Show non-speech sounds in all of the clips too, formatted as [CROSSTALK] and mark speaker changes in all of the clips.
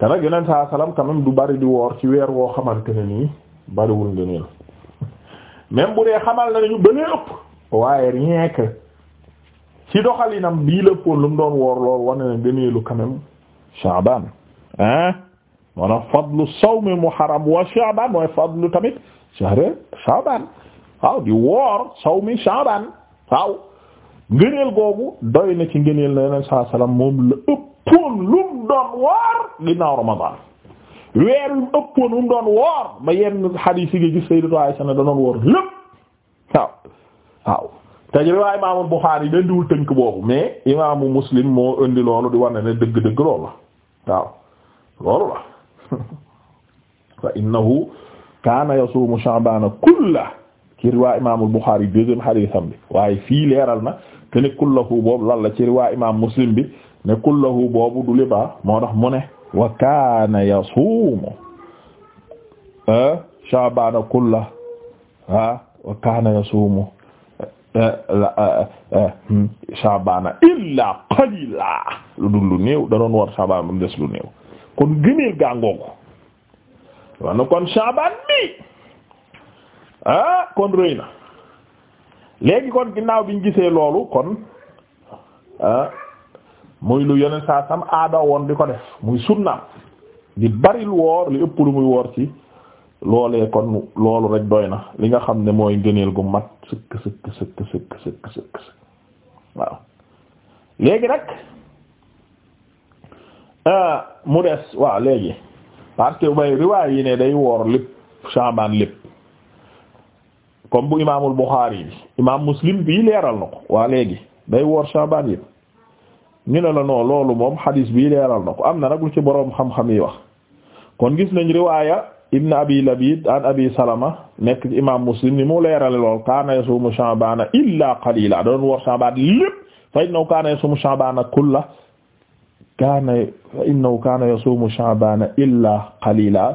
Speaker 1: te nag saa salaam quand du bari di woor ci weer woo xamante ne nii bariwul ngëneel même bu dee xamal na ñu bële ëpp waaye rien que ci doxalinam bii la lu mu doon woor lool wane na ngëneelu quand même Sha'ban ah wana fadlu sawmi muharram wa Sha'ban mooy fadlu tamit shahre Sha'ban waaw di woor sawmi Sha'ban waaw ngëneel googu doy na ci ngëneel na yeneen saa salaam moom la ëppoon lu mu doon woor ginnaaw Ramadan weer wi mu ëppoon lu mu doon woor ba yenn xadiis yi gis Sayyidatu Aysa ne da doon woor lépp waaw waaw te riwaaya Imaamul Buxaari yi dandiwul tënk boobu mais Imaamu Muslim moo indi loolu di war ne ne dëgg-dëgg loolu la waaw loolu la [LAUGHS] fa innahu kaana yasuumu Sha'baana kullahu ci riwaaya Imaamul Buxaari deuxième xadiisam bi waaye fii leeral na te ne kullahu boobu lan la ci riwaaya Imaam Muslim bi ne kullahu boobu du liba moo tax mu ne wa kaana yasuumu shaabana kulla wa kaana yasuumu hmm, shaabana illa qalila lu dul lu néew da war shaabana ba des lu néew kon gëneel gàngoogu wana kon shaabaan bi ah kon rëy na kon ginnaaw biñ gisee loolu kon ah muy lu yeneen sa sam aada woon di ko def muy sunna di bari woor li ëpp lu muy woor ci loolee kon loolu rek doy na li nga xam ne mooy ngëneel gu mat sëkk sëkk sëkk sëkk sëkk waaw léegi nag euh, mu des waa léegi parce que bay riwaay yi ne day woor lépp Shaaban lépp comme bu imaamul Buxaari bi imaam Muslim bii leeral na ko waa léegi day woor Shaaban yépp ñu la non loolu moom xadiis bii leeral na ko am na nag lu ci boroom xam-xam yi wax kon gis nañ riwaaya ibn abi labid an abi salama nekk ci imam muslim ni mu leerale lool kaana yasumu sha'bana illa qalila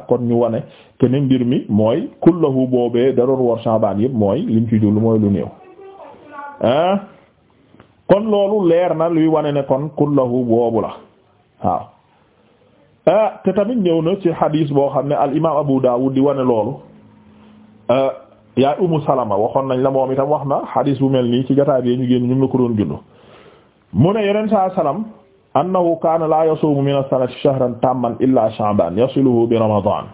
Speaker 1: kon ñu wone ke ne mbir mi mooy kullahu boobee da doon woor sha'ban yëpp mooy lim ci jullu mooy lu néew ah kon loolu leer na luy wane ne kon kullahu boobu la waaw ah te tamit ñëw na ci hadis boo xam ne al imaam Abu Dawud di wane loolu ah, yaay Umu Salama waxoon nañ la moom itam wax na hadis bu mel nii ci jotaay bi ñu génn ñu ngi la ko doon jundu mu ne yeneen saa salaam annahu kaana laa yasuumu min as-sanati shahran tamman illa sha'ban yasiluhu bi ramadan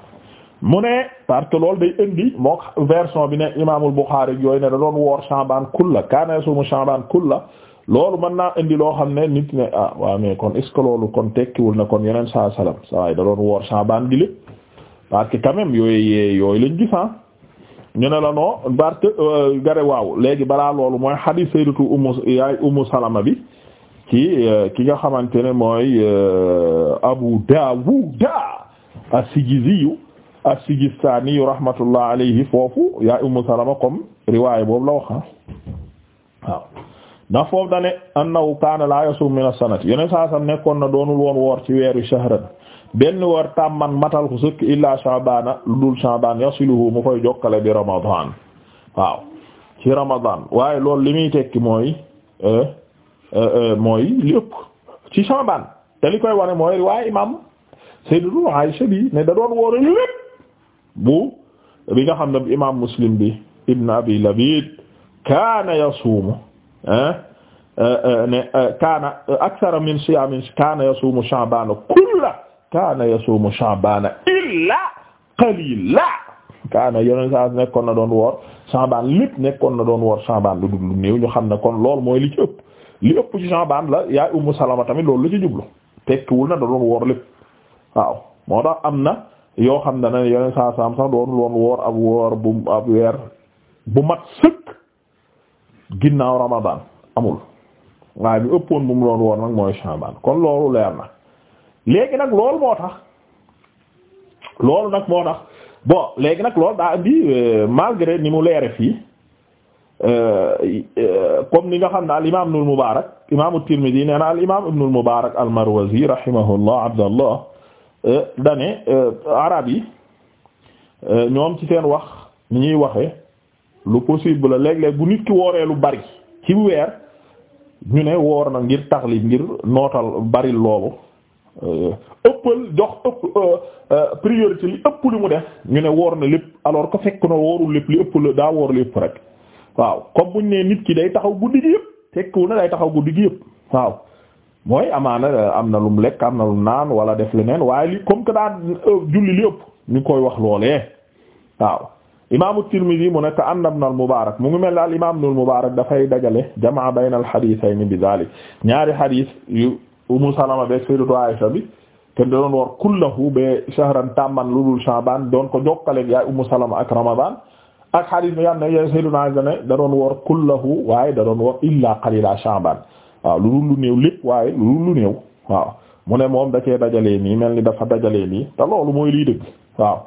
Speaker 1: mu ne parce que loolu day indi mook version bi ne imaamul Bukhari yooyu ne da doon woor sha'ban kulla kaana yasuumu sha'ban loolu mën naa indi loo xam ne nit ne ah waaw mais kon est loolu kon tekkiwul na kon yeneen saa salaam saa waay da doon woor Shaabaan gi parce que quand même yooyu yooyu lañ gis ah. ne la non parce que euh, gare waaw léegi balaa loolu mooy hadith sayyidatu Ummu yaay Ummu Salama bi ci euh, ki nga xamante ne mooy euh, Abu Daawud as-Sijiziyu as-Sijistaaniyu rahmatullah alayhi foofu yaay Ummu Salama comme riwaay boobu la wax ah. ndax foofu dane annahu kaana la yasum min as-sanati yoneen saa nekkoon na doon woon woor ci weeru shahran benn woor tàmman matal ko sëkk illa shaabana lu shaabaan yasiluhu koy jokkale bi ramadan waaw ci ramadan waaye lool li muy tekki mooy eh, eh, eh, mooy lépp ci shaabaan te koy wane mooy waaye imam sayyidatu Aisha bi ne da doon woor bu bi nga xam ne imam muslim bi ibn abi labid kaana yasuumu Euh, euh, ne euh, kaana akthara min siyaamin kaana yasuumu sha'baana kulla kaana yasuumu sha'baana illa qalila kaana yeneen nekkoon na doon woor sha'baan lépp nekkoon na doon woor sha'baan lu dul lu ñu xam ne kon lool mooy li ci ëpp li ëpp ci sha'baan la yaay ummu salama tamit loolu la ci jublu tekkiwul na da doon woor lépp waaw moo tax am na yoo xam ne ne yeneen saa saam sax doon woon woor ab woor bu ab weer bu mat sëkk ginnaaw Ramadan amul waaye bi ëppoon bu mu doon woon nag mooy Sha'ban kon loolu leer na léegi nag lool moo tax loolu nag moo tax bo léegi nag loolu daa indi euh, malgré ni mu leere fii euh, euh, comme ni nga xam ne al imaam Ibnul Mubaarak imaamu Tirmidi nee na al imaam Ibnul Mubaarak al Marwazi rahimahullah Abdallah dane arab yi ñoom ci seen wax ni ñuy waxe lu possible la léeg bu nit ki wooree lu bari ci weer ñu ne woor na ngir taxlib ngir nootal bari loolu euh, ëppal jox ëpp euh, euh, priorité li ëpp li mu def ñu ne woor na lépp alors que fekk na woorul lépp li ëpp la daa woor lépp rek waaw comme buñ ne nit ki day taxaw guddi gi yëpp tekkiwu na day taxaw guddi gi yëpp waaw mooy amaana am na lu mu lekk am na lum naan wala def leneen waaye li comme que daa julli li ëpp ñu koy wax loolee waaw imaamu Tirmidi mu nekk anna ibn al-Mubaarak mu ngi mel daal imaam ibn al-Mubaarak dafay dajale jamaa bayna al-hadiisayni bi daalik ñaari hadiis yu Umu Salama beeg Sayyidatu Aisha bi te doon war kullahu be shahran tamman lu dul Sha'baan doon ko jokkaleeg yaay Umu Salama ak Ramadaan ak hadiis bi nga xam ne yaay Sayyidatu Aisha ne da doon war kullahu waaye da doon war illaa qaliila Sha'baan waaw lu dul lu néew lépp waaye lu dul lu néew waaw mu ne moom da cee dajalee nii mel ni dafa dajalee nii te loolu mooy liy dëgg waaw.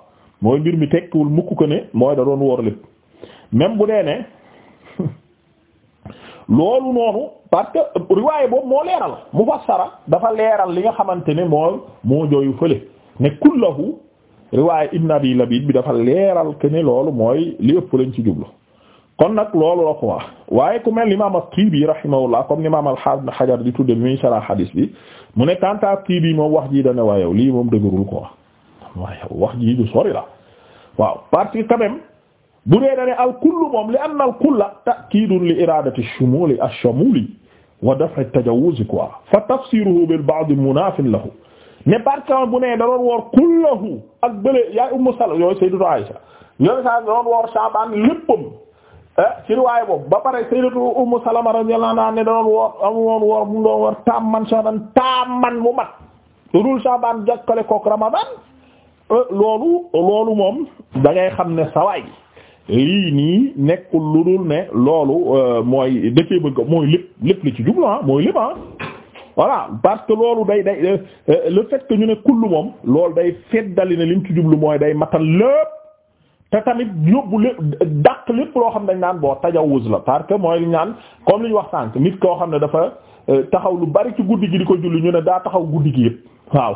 Speaker 1: mooy mbir mi tekkiwul mukk ko ne mooy da doon woor lépp même bu dee ne loolu noonu parce que riwaaye boobu moo leeral mufassara dafa leeral li nga xamante ne mooy moo jooyu fële ne kullahu riwaaye ibn abi labid bi dafa leeral ke ne loolu mooy li ëpp lañ ci jublu kon nag loolu la ko wax waaye ku mel imam at-Tibi rahimahullah comme ni imam al-Hafiz Ibn Hajar di tudde bi muy sara hadis bi mu ne kanta at-Tibi moom wax ji dane waayow lii moom dëgërul ko waaye wax jii du sori la waaw parce que quand même bu dee da ne al kullu moom li anna al kulla ta'kidun li iradati ash-shumuli ash-shumuli wa daf'i at-tajawuz quoi fa tafsiruhu bil ba'd munafin lahu ne parce que bu ne da doon woor kullahu ak bële yaay ummu Salama yooyu sayyidatu Aisha yooyu saa da doon woor Shaaban léppam eh, ci riwaaya boobu ba pare sayyidatu ummu Salama radiyallahu anha ne da doon woor amu woon woor mu doon woor tamman Shaaban tamman mu mat dul Shaaban jakkale kook Ramadan Euh, loolu loolu moom da xam ne sawaay lii nii nekkul lu dul ne loolu euh, mooy dëkkee bëgg mooy lépp lépp li ci jublu ah mooy lépp ah voilà parce que loolu day day euh, le fait ñu ne kullu moom loolu day feddali ne lim ci jublu mooy day matal lépp te tamit yóbbu lépp dàq lépp loo xam dañ naan boo tajawuz la parce que mooy li ñu naan comme li ñu wax sànq nit koo xam ne dafa taxaw lu bari ci guddi gi di ko julli ñu ne daa taxaw guddi gi yëpp waaw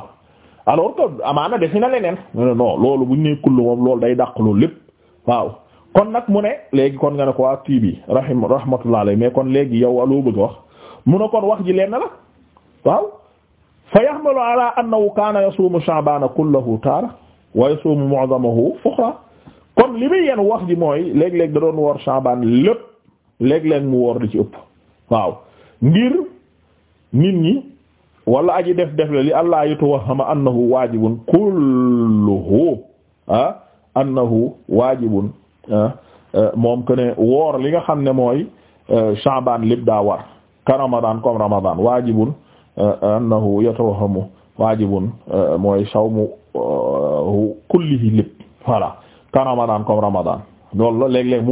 Speaker 1: alors que amaana defi na leneen non loolu bu ñu nee moom loolu day dàq loolu lépp waaw kon nag mu ne léegi kon nga ne ko waa kii bi rahim rahmatullah alayhi mais kon léegi yow loo bëgg wax mu ne kon wax ji leen la waaw fa yahmalu ala annahu kaana yasuumu sha'baana kullahu taara wa yasuumu mu'damahu mu kon li muy yenn wax ji mooy léeg-léeg da doon woor sha'baan lépp léeg-léeg mu woor li ci ëpp waaw ngir nit ñi wala aji def def la li allah yatawahhama annahu annahu waajibun ah, ah, moom que woor li nga xam ne mooy eh, Sha'ban lépp daa war ka Ramadan comme Ramadan waajibun eh, annahu yatawahhamu waajibun eh, mooy sawmu kullihi lépp voilà ka Ramadan comme Ramadan loolu la léeg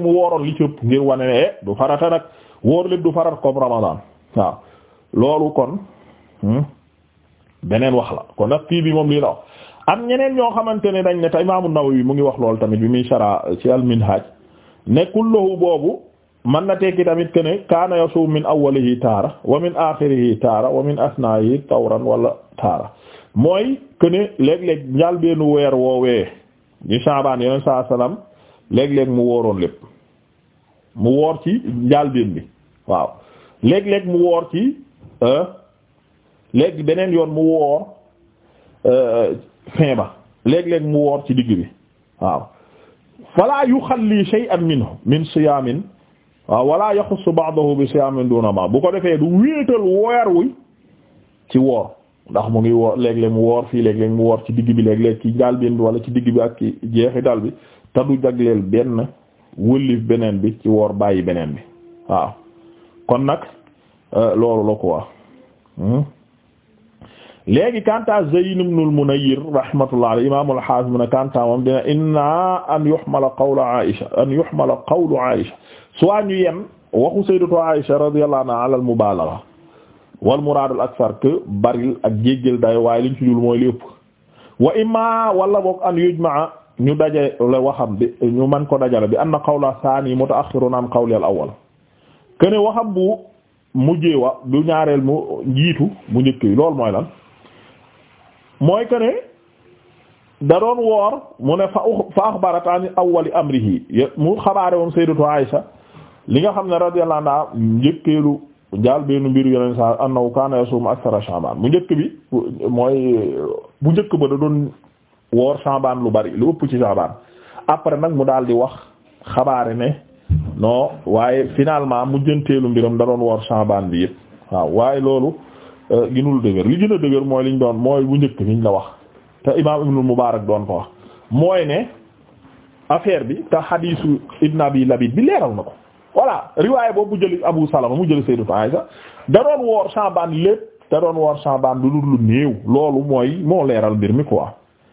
Speaker 1: mu wóoroon li ci ngir wane ne du farata nag wóor lépp du farat comme Ramadan waaw. loolu kon hmm, beneen wax la kon nag kii bi moom lii la wax am ñeneen ñoo xamante ne dañ ne te Imaamu Nawawi mu ngi wax loolu tamit bi muy shara ci al-Minhaj nekkul lahu boobu man na tekki tamit que ne kaana yasum min awwalihi taara wa min aaxirihi yi wa min tawran wala taara mooy que ne léeg-léeg njaal benn weer woowee ñu Shaabaan yeneen saa salaam léeg-léeg mu wooroon lépp mu woor ci njaal bi waaw léeg-léeg mu woor ci. Euh? léegi beneen yoon mu woor euh, fin ba léeg-léeg mu woor ci digg bi waaw fala yuxalli shay'an minhu min siyaamin waaw wala yaxussu ba'dahu bi siyaamin duna ba bu ko defee du wéetal weer wi ci woor ndax mu ngi woor léeg-léeg mu woor fii léeg-léeg mu woor ci digg bi léeg-léeg ci daal bi wala ci digg bi ak ci jeexi dal bi te du jagleel benn wëllif beneen bi ci woor bàyyi beneen bi waaw kon nag Euh, loolu la quoi hmm? léegi kanta Zayn ibn al-Munayyir rahmatullah alayhi imam al-Hafiz mu ne kanta moom dina inna an yuhmala qawlu Aisha an yuhmala qawlu Aisha soit ñu yem waxu sayyidatu Aisha radiyallahu anha wal muraad al-akthar que baril ak jéggal day waaye liñ ci mooy lépp wa imma wala boog an yujmaa ñu dajale waxam bi ñu man ko dajale bi anna qawla saani mutaakhirun an qawli al-awwal kene waxam mujjee wa du ñaareel mu njiitu mu njëkk yi loolu mooy lan mooy que ne da doon woor mu ne fa fa axbarat an awwali amrihi mu xabaare moom sayyidatu Aisha li nga xam ne radiyallahu anha njëkkeelu jaal benn mbir yeneen sa annahu kaana yasuumu akthara Sha'baan mu njëkk bi mooy bu njëkk ba da doon woor Sha'baan lu bari lu ëpp ci Sha'baan après nag mu daal di wax xabaare ne non waaye finalement mujjanteelu mbiram da doon woor Shaabaan bi yëpp waaw waaye loolu euh, ginul dëgër li gën a dëgër mooy liñ doon mooy bu njëkk biñ la wax te imaam Ibnul Mubaarak doon ko wax mooy ne affaire bi te hadiisu Ibn Abi Labid bi leeral na ko voilà riwaay boobu jëli Abu Salama mu jëli Sayyidatu Aysa da doon woor Shaabaan lépp te doon woor Shaabaan du dul lu néew loolu mooy moo leeral mbir mi quoi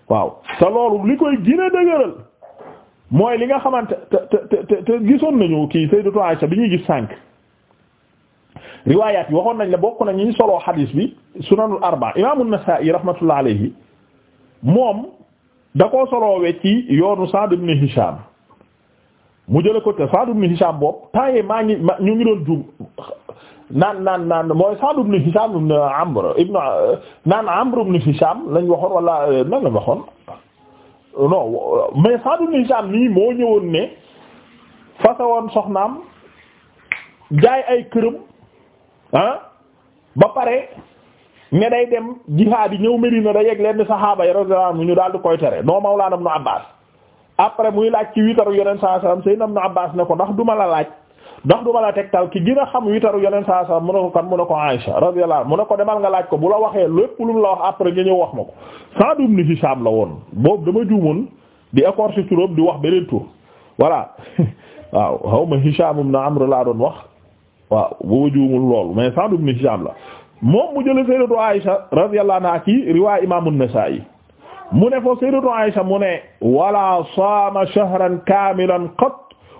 Speaker 1: waaw te loolu li koy gën dëgëral mooy li nga xamante te te te gisoon nañu kii bi ñuy gis sànq riwaayaat yi waxoon nañ la bokk na ñi soloo xadiis bi sunanul arba imaam an-Nasaa'i rahmatullah alayhi moom da koo solo ci yoonu Sa'd ibn Hisham mu jële ko te Sa'd ibn Hisham boobu temps maa ngi ñu ngi doon jub naan naan naan mooy Sa'd ibn Hisham ibn Amr ibn naan Amr ibn Hisham lañ waxoon wala euh, nan lañ waxoon Euh, non mais Saadu Nijaam nii moo ñëwoon ne fasawoon soxnaam jaay ay këram ah ba pare ne day dem jihaad di ñëw Medina da yegg leen saxaaba yi radiyallahu anhu ñu daal di koy tere noo Mawlaana Ibnu Abbaas après muy laaj ci witaru Yonent sallallahu alayhi wasallam Seydina Ibnu Abbaas ne ko ndax duma la laaj. ndax duma la tegtal ki gën a xam witaru yeneen saa saa mu ne ko kan mu ne ko Aïsha radiyallahu mu ne ko demal nga laaj ko bu la waxee lépp lu la wax après nga ñëw wax ma ko Sa'd ibn Hisham la woon boobu dama juumoon di écorcher turam di wax beneen tur voilà [LAUGHS] waaw xaw ma Hisham ibn Amr laa doon wax waaw boo juumul loolu mais Sa'd ibn Hisham la moom mu jële sayyidatu Aïsha radiyallahu anha ci riwaay Imam an-Nasa'i mu ne fo sayyidatu Aïsha mu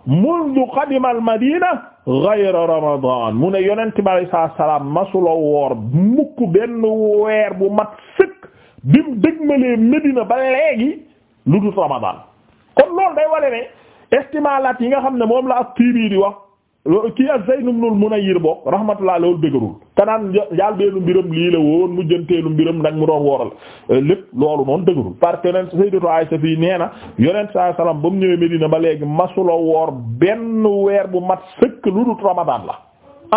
Speaker 1: mundu qadima al madina ghayra ramadan mu ne yonent bi alayhi salaatu salaam masula woor mukk benn weer bu mat sëkk bim dëgmalee Medina ba léegi lu dul ramadan kon loolu day wale ne estimalat yi nga xam ne moom la ak tiibii di wax kii ak Zayd ibn al-Munayyir bokk rahmatullah loolu dëgërul kanaan jaal beenu mbiram lii la woon mu jënteelu mbiram nag mu doon wooral euh, lépp loolu noonu dëgërul parce que neen Sayyidatu Aisha fii nee na yonent saa salaam ba mu ñëwee Medina ba ma masula woor benn weer bu mat sëkk lu dul Ramadan la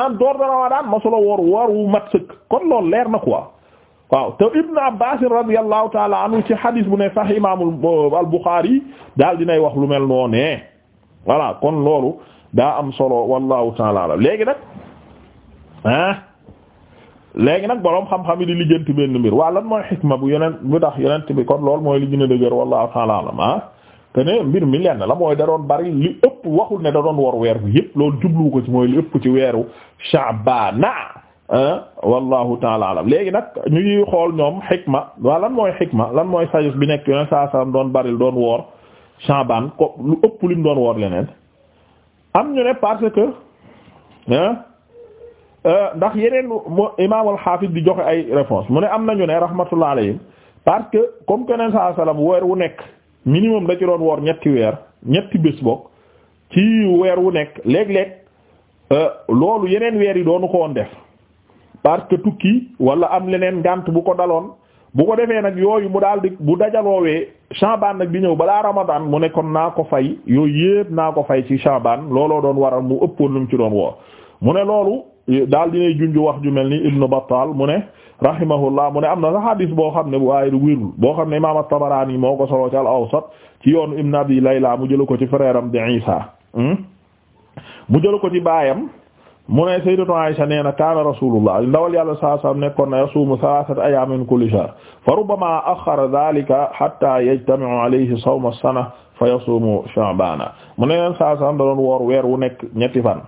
Speaker 1: en dehors de Ramadan masula woor woor wu mat sëkk kon loolu leer na quoi waaw te Ibn Abbas radiyallahu taala anhu ci hadith bu ne sax imaamul al-Bukhari daal dinay wax lu mel noonu voilà kon loolu. daa am solo wallahu taala alam léegi nag ah léegi nag boroom xam-xam yi di lijjanti benn mbir waa lan mooy xikma bu yonent bu tax yonent bi kon loolu mooy li gën a dëgër wallahu taala alam ah? te ne mbir mi lenn la mooy da doon bari li ëpp waxul ne da doon wor weer bi yëpp loolu jublu ko ci mooy li ëpp ci weeru Sha'bana ah? wallahu taala alam léegi nag ñu ngi xool ñoom xikma waa lan mooy xikma lan mooy sagesse bi nekk yonent saa doon bari doon woor Sha'ban ko lu ëpp lim doon woor leneen am ñu ne parce que euh, ndax yeneen mo imaam al-Hafiz di joxe ay réponse mu ne am na nañu ne rahmatullah alayhim parce que comme keneen saa salaam weer wu nekk minimum da ci doon woor ñetti weer ñetti bés bokk ci weer wu nekk léeg-léeg euh, loolu yeneen weer yi doonu ko woon def parce que tukki wala am leneen ngànt bu ko daloon bu ko defee nag yooyu mu daal di bu dajaloowee Shaabaan nag bi ñëw balaa Ramadan mu ne kon naa ko fay yooyu yépp naa ko fay ci Shaabaan looloo doon waral mu ëppoon lu mu ci doon woor mu ne loolu daal dinay junj wax ju mel ni Ibnu Battaal mu ne rahimahullah mu ne am na sax hadis boo xam ne bu waaye du wérul boo xam ne imaam at-Tabaraani moo ko solo ci al-Awsat ci yoonu Ibn Abi Layla mu jëlu ko ci frère am di Isa hmm? mu jëlu ko ci baayam mu ne sayyidatu Aisha nee na kaana rasulullah ndawal yàlla saa saam nekkoon na yasuumu salaasata ayyaamin min kulli shahr fa rubbama axxara dhaalika hattaa yajtami'u alayhi sawmu sana fa yasuumu sha'baana mu ne leen saa da doon woor weer wu nekk ñetti fan.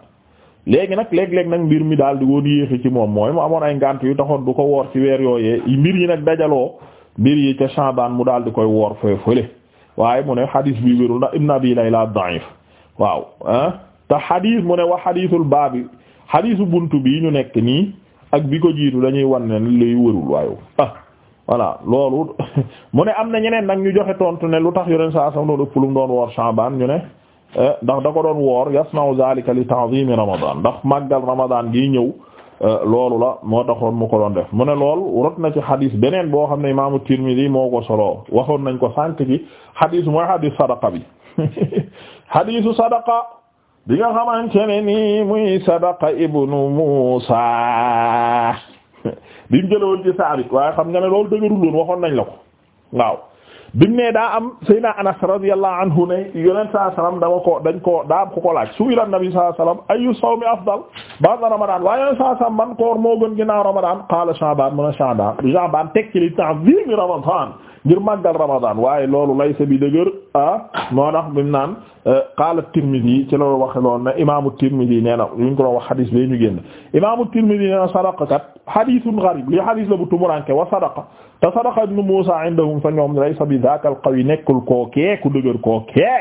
Speaker 1: léegi nag léeg-léeg nag mbir mi daal di woon yéexi ci moom mooy mu amoon ay ngànt yu taxoon du ko woor ci weer yooyee mbir yi nag dajaloo mbir yi ca Sha'baan mu daal di koy woor fee fële waaye mu ne hadis bi wérul ndax Ibn Abi Layla waaw ah te hadis mu ne xadiisu buntu bii ñu nekk nii ak bi ko jiitu dañuy wan ne lay wërul waayu ah voilà loolu [LAUGHS] mu ne am na ñeneen nag ñu joxe tontu ne lu tax yoneen saa sam doon ëpp lu mu doon woor Shaaban ñu ne eh, ndax da ko doon woor yasna'u zalika li ta'zimi ramadan ndax màggal ramadan gi ñëw eh, loolu la moo taxoon mu ko doon def mu ne lool rot na ci xadis beneen boo xam ne imaamu Tirmidhi moo ko solo waxoon nañ ko sànk ci xadis mooy xadis sadaqa bi [LAUGHS] xadisu sadaqa bi nga xamante ne nii muy Sadaqa ibnu Muusaa [LAUGHS] bi waaye xam nga ne loolu dëgërul woon nañ la ko waaw bi mu ne daa am Seydina Anas radiyallahu anhu ne yonent saa salaam dama ko dañ ko daa am ko ko laaj su ila nabi saa salaam ayu sawmi afdal ba'da Ramadan waaye yonent saa salaam man koor moo gën ginnaaw Ramadan qaala Sha'baan mun a Sha'baan Sha'baan tekki li ta'ziimi Ramadan ngir màggal Ramadan waaye loolu laysa bi dëgër ah moo tax bi mu naan euh, qaala Tirmidhi ci loolu waxe loolu ne imaamu ko doon wax xadis bee ñu génn imaamu Tirmidhi nee na sadaqa kat xadisun gharib li xadis la bu tumuranke wa sadaqa te sadaqa ibnu Muusaa indahum fa ñoom laysa bi zaakal qawi nekkul kookee ku dëgër kookee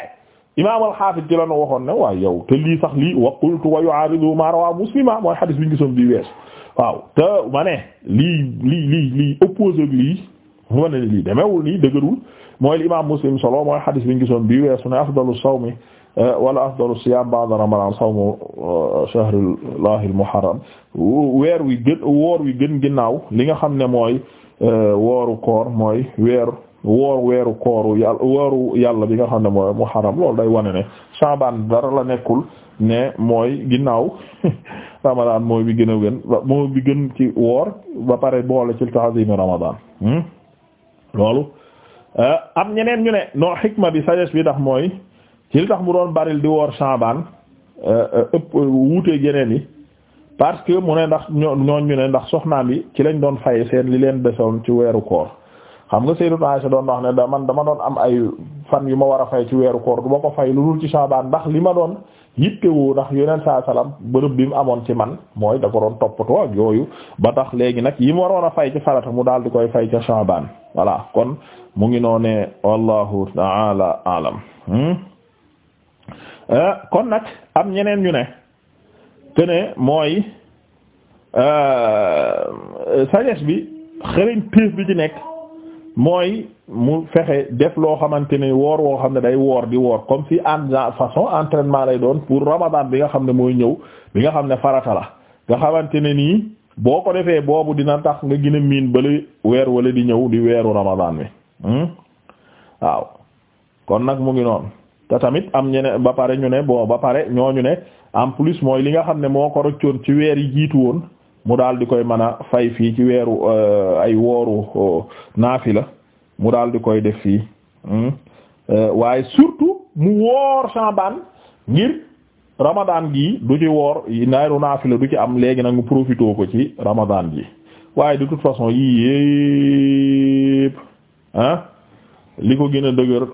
Speaker 1: imaam al-Hafiz ci la ñu waxoon ne yow te lii sax lii wa qultu wa yu'aaridu maa rawaa Muslima mooy xadis bi ñu gisoon bi wees waaw te ma ne lii lii lii mu lii demeewul nii dëgërul mooy imaam muslim solo mooy xadis bi gisoon bii weesu ne afdalu sawmi eh, wala afdalu siyaam ba'da ramadaan sawmu eh, shahrillahi al-muharram weer wi gën woor wi gën ginnaaw li nga xam ne mooy eh, wooru koor mooy weer woor weeru kooru yàlla wooru yàlla bi nga xam ne mooy muharram loolu day wane ne Shaabaan dara la nekkul ne mooy ginnaaw [LAUGHS] ramadaan mooy bi gën a gën moo bi gën ci woor ba pare boole ci ta'ziim ramadaan hmm? loolu euh, am ñeneen ñu ne non xikma bi sagesse bi tax mooy ci li tax mu doon baril di woor Shaaban euh, euh, ëpp wuuteeg yeneen yi parce que mu ne ndax ñooñ ñu ne ndax soxnaam bi ci lañ doon faye seen li leen desoon ci weeru koor xam nga Sayyidatu Aisha doon wax ne da man dama doon am ay fan yu ma war a fay ci weeru koor du ma ko fay lu dul ci Shaaban ndax li ma doon yittewoo ndax yeneen saa salaam bërëb bi mu amoon ci man mooy da ko doon toppatoo ak yooyu ba tax léegi nag yi mu waroon a fay ci farata mu daal di koy fay ca Shaaban voilà kon mu ngi noone wallahu taala alam hmm? eh, kon nag am ñeneen ñu ne te ne mooy euh, sagesse bi xëriñ piis bi ci nekk mooy mu fexe def loo xamante ni woor woo xam ne day woor di woor comme si en façon entrainement lay doon pour ramadan bi nga xam ne mooy ñëw bi nga xam ne farata la nga xamante ne nii boo ko defee boobu dina tax nga gën miin bale weer wala di ñëw di weeru ramadan wi hmm? waaw kon nag mu ngi noonu te tamit am ñene ba pare ñu ne bon ba pare ñooñu ne en plus mooy li nga xam ne moo ko rëccoon ci weer yi jiitu woon mu daal di koy mën a fay fii ci weeru euh, ay wooru euh, la mu daal di koy def fii hmm? euh, waaye surtout mu woor Sha'ban ngir ramadan gi du ci woor nayru naafila du ci am léegi nag mu profité ko ci ramadan gi waaye de toute façon yii yépp li ko gën a dëgër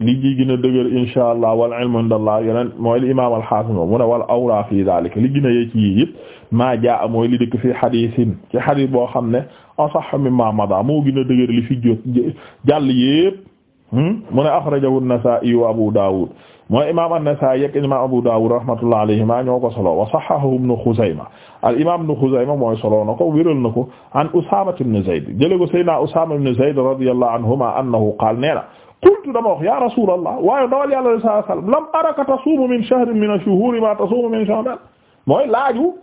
Speaker 1: li gi gën a dëgër insha allah wal ilmu indallah yeneen mooy li imam alxaasim mu ne wal awla fi daalika li gën a yee yii yëpp maa jaa mooy li dëkk fi xadiisin ci xadiis boo xam ne asah mimma mada moo gën a dëgër li fi jot jàll yëpp hmm, mu ne axrajahu an wa abu daawud mooy imaam an-Nasaa'i ak imaam Abu Daawud rahmatullahi alayhima ñoo ko solo wa sahhahahu ibn Xuzayma al imaam ibn Xuzayma mooy solo na ko wéral na ko an Usaama ibn Zayd jëlee ko Seydina Usaama ibn Zayd radiyallahu anhuma annahu qaala nee na qultu dama wax ya rasulallah waaye dawal yàlla sallallahu alayhi wa sallam lam araka tasuumu min shahrin min ash-shuhuuri ma tasuumu min Sha'baan mooy laaju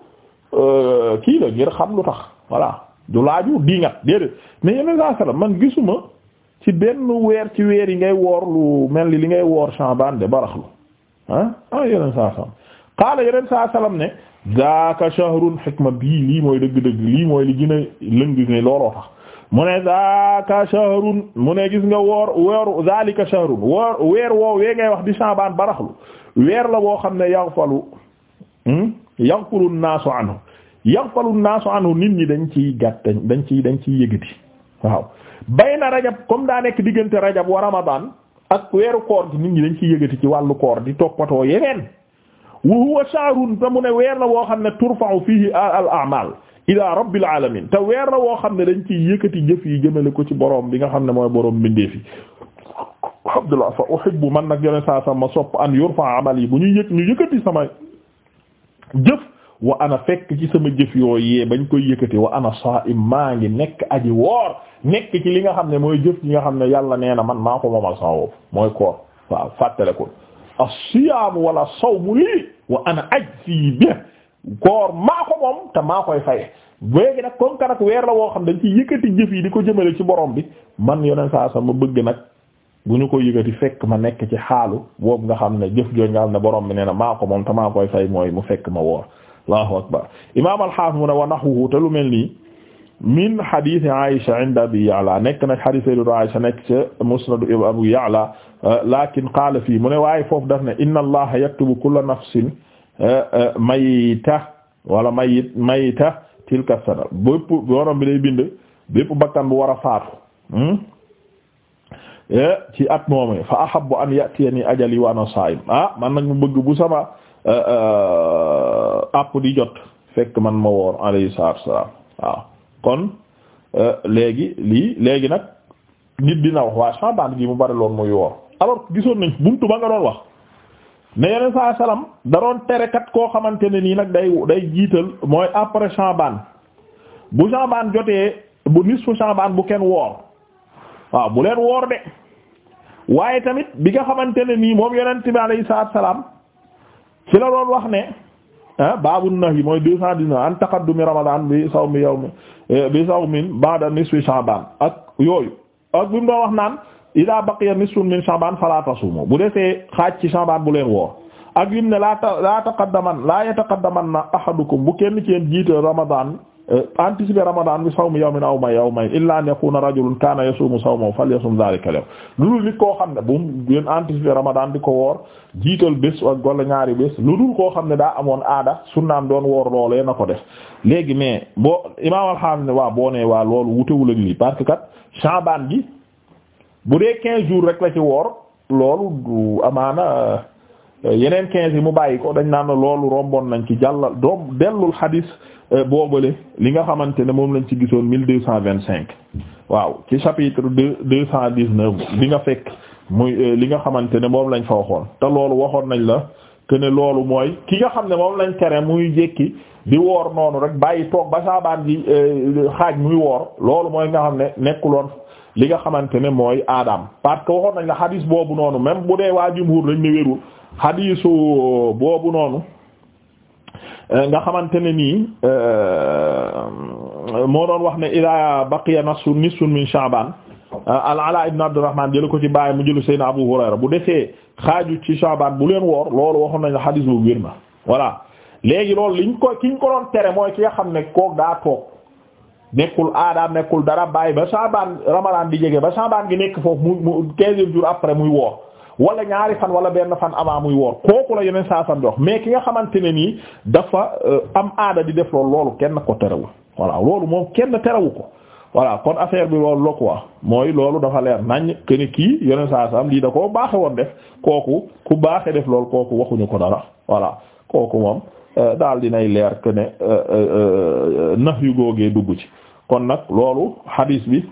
Speaker 1: euh, kii la ngir xam lu tax voilà du laaju diingat déedéet mais yéen a ngi saa salaam man gisuma ci benn weer ci weer yi ngay woor lu mel ni li ngay woor Sha'baan de baraxlu ah ah yeneen saa salaam qaala yeneen saa salaam ne zaaka shahrun xikma bii lii mooy dëgg-dëgg lii mooy li gën a lëng ne looloo tax mu ne zaaka shahrun mu ne gis nga woor weeru zaalika shahrun woor wee ngay wax di Sha'baan baraxlu weer la woo xam ne yaghfalu hmm? yaghfalu naasu anhu yaghfalu naasu anhu nit ñi dañ ciy gàtt dañ ciy dañ ciy yëgati waaw. bayna rajab comme daa nekk diggante rajab wa ramadan ak weeru koor gi nit ñi dañ ci yëgati ci wàllu koor di toppatoo yeneen wa huwa shahrun te mu ne weer la woo xam ne turfa'u fihi al a'mal ila rabbil alamin te weer na woo xam ne dañ ci yëkkati jëf yi jëmale ko ci boroom bi nga xam ne mooy borom bindeefi abdullah fa uhibbu man nag yone saa sama sopp an yurfa amal yi bu ñuy yëg ñu yëkkati samay jëf wa ana fekk ci sama jëf yooyee bañ koy yëkkati wa ana saa'im maa ngi nekk aji woor nekk ci li nga xam ne mooy jëf yi nga xam ne yàlla nee na man maa ko moomal sama mooy koor waaw fàttale ko as-siyaam wala sawmu lii wa ana ajzii bihi maa koy faye léegi nag comme que weer woo xam dañ ci yëkkati yi di ko jëmale ci borom bi man yoneen saa sa bëgg nag bu ñu ko yëkkati fekk ma nekk ci xaalu boobu nga xam ne jëf jooju nga xam borom bi nee na maa ko moom te maa koy fay mooy mu fekk ma woor allahu akbar imam al-hafiz mu ne wa nahwuhu te lu mel nii min hadith Aisha inda Abi Ya'la nekk nag hadith Sayyidatu Aisha nekk ca Musnad Abu Ya'la lakin qaala fii mu ne waaye foofu daf ne inna allaha yaktubu kulla nafsin eh, eh, mayta wala mayit mayta tilka sana bépp borom bi day bind bépp bakkan bu war a faatu hmm? eh, ci at moomee fa ahabbu an ya'tiyani ajali wa ana saa'im ah man nag mu bëgg bu sama Euh, euh, àpp di jot fekk man ma woor alayhi salaatu salaam waaw kon euh, léegi lii léegi nag nit dina wax waaye Shaabaan gi mu bari loon muy woor alors gisoon nañ bunt ba nga doon wax ne yeneen saa salaam da doon tere kat koo xamante ne nii nag day day jiital mooy après Shaabaan bu Shaabaan jotee bu nisfu Shaabaan bu kenn woor waaw bu leen woor de waaye tamit bi nga xamante ne nii moom yonent bi alayhi salaam ci la doon wax ne ah baabu nahyi mooy deux cent dix-neuf an taqaddumi ramadan mi sawmi mi eh, bi sawmin ba'da nisfi sha'ban ak yooyu ak bi mu doon wax naan ida baqiya nisfun min sha'ban fala tasumu bu defee xaaj ci sha'ban bu leen woor ak yim ne laa laa taqaddaman laa yataqaddaman na ahadukum bu kenn ci yeen jiite ramadan Euh, anticiper ramadan bi sawmi yawmin aw ma yawmayn illa an yakuna rajulun kana yasumu sawmahu falyasum dhalika al-yawm lu dul nit koo xam ne bu ngeen anticiper di ko woor jiital bés ak ñaari bés lu koo xam ne daa amoon aada sunnaam doon woor loolee na ko def léegi mais boo imaam alxaam ne waa boo nee waa loolu wutewul parce que kat Shaaban bi bu dee quinze jours rek la ci woor loolu du amaana euh, yeneen quinze yi mu bàyyi ko dañ naan loolu romboon nañ ci jàllal doom dellul xadiis Euh, boobale li nga xamante ne moom lañ ci gisoon mille deux cent vingt cinq waaw ci chapitre deux deux cent dix neuf bi nga fekk muy euh, li nga xamante ne moom lañ fa waxoon te loolu waxoon nañ la que ne loolu mooy ki nga xam ne moom lañ tere muy jékki di woor noonu rek bàyyi toog ba saabaan ji euh, xaaj muy woor loolu mooy nga xam ne nekkuloon li nga xamante ne mooy aadaam parce que waxoon nañ la hadis boobu noonu même bu dee waa jumhur lañ ne wérul hadisu boobu noonu nga xamante ne nii euh, moo doon wax ne ila baqiya nasu nisfun min sha'ban al euh, ala ibn abdurrahman jëla ko ci bàyyi mu jëlu seydna abu hurayra bu defee xaaju ci sha'ban bu leen woor loolu waxoon nañ xadiis bu wér na voilà léegi loolu liñ ko kiñ ko doon tere mooy ki nga xam ne kook daa toog nekkul aada nekkul dara bàyyi ba sha'ban ramadan di jege ba sha'ban gi nekk foofu mu mu quinze jours après muy woor wala ñaari fan wala benn fan avant muy woor kooku la yeneen saa san bi mais ki nga xamante ne nii dafa euh, am aada di def loolu loolu kenn ko terewul voilà loolu moom kenn terewu ko voilà kon affaire bi loolu la quoi mooy loolu dafa leer nañ que ni kii yeneen saa am lii da koo baaxe woon def kooku ku baaxe def loolu kooku waxuñu ko dara voilà kooku moom euh, daal dinay leer que ne euh, nax yu googee dugg ci kon nag loolu hadis bi.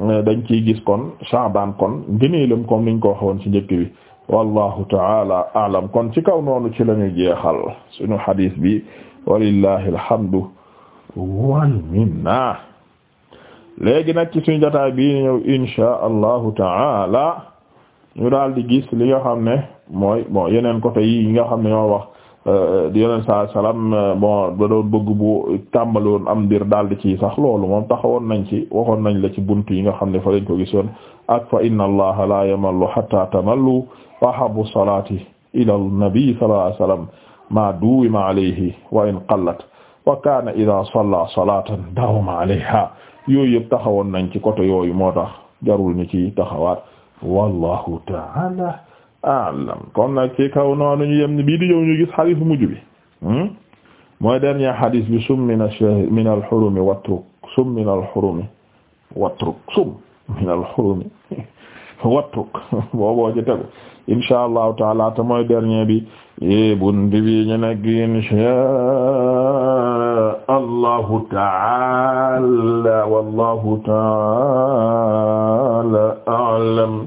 Speaker 1: Euh, dañ ciy gis kon Sha'ban kon lem comme liñ ko waxoon ci njëkk bi wallahu ta'ala a'lam kon ci kaw noonu ci lañu jeexal suñu hadith bi walillahi alhamdu wal minna léegi nag ci suñu jotaay bi ñëw insha allahu ta'ala ñu daal di gis li nga xam ne mooy moo yeneen côté yi nga xam ne ñoo wax di yeneen saa salaam bon da doon bëgg bu tàmbaloon am mbir daal di ci sax loolu moom taxawoon nañ ci waxoon nañ la ci buntu yi nga xam ne fa lañ ko gisoon ak fa inna allaha la yamallu hatta tamallu wa habbu salati ila an-nabi sallallahu alayhi wasallam ma duwima alayhi wa in qallat wa kana idha salla salatan dawama alayha yooyu yëpp taxawoon nañ ci côté yooyu moo tax jarul ñu ci taxawaat wallahu ta'ala alam ah, kon nag ci kaw noonu ñu yem ni bii di ñëw ñu gis xadiis mujj bi hmm? mooy dernier xadiis bi sum min ash-shahr min al-hurumi watruk sum min al-hurumi watruk sum min al-hurumi [LAUGHS] watruk [LAUGHS] booboo ci tegu insha allahu taala te mooy dernier bi yi bun bi bi ñu nekk insha allahu taala wallahu taala alam